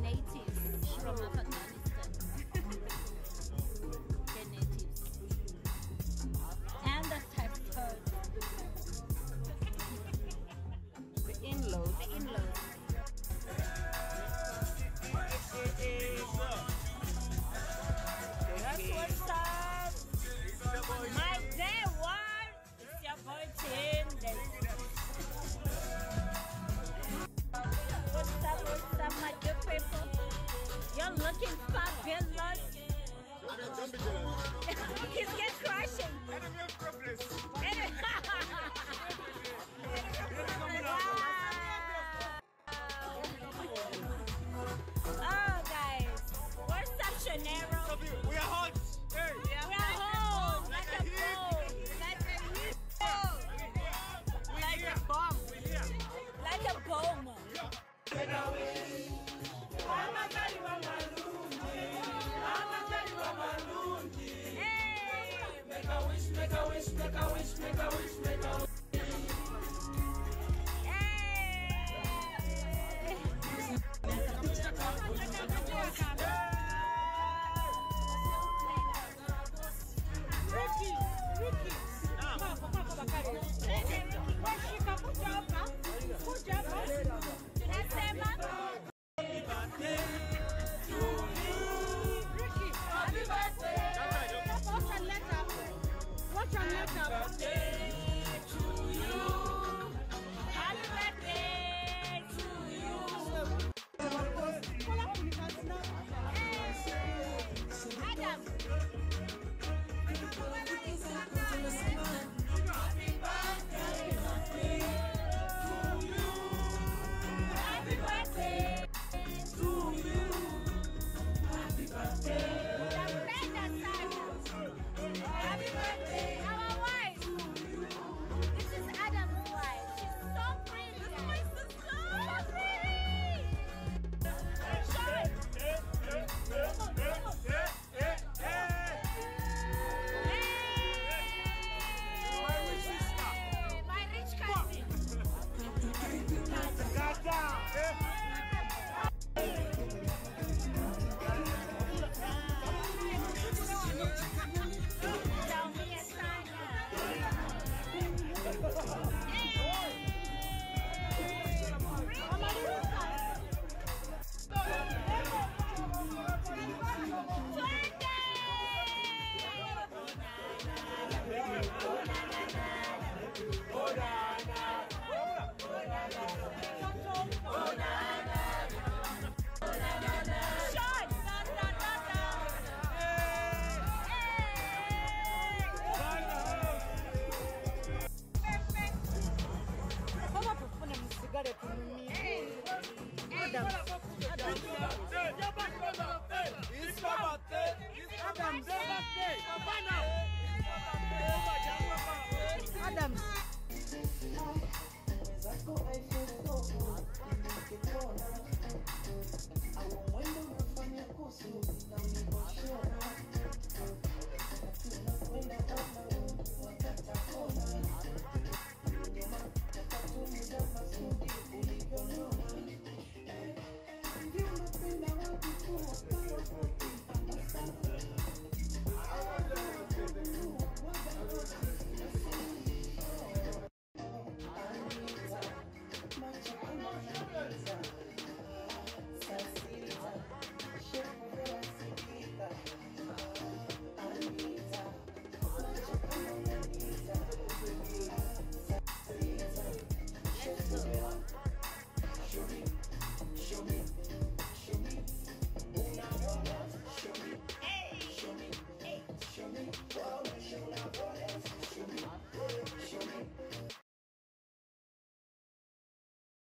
natives from He's get crushing. copy. Adam.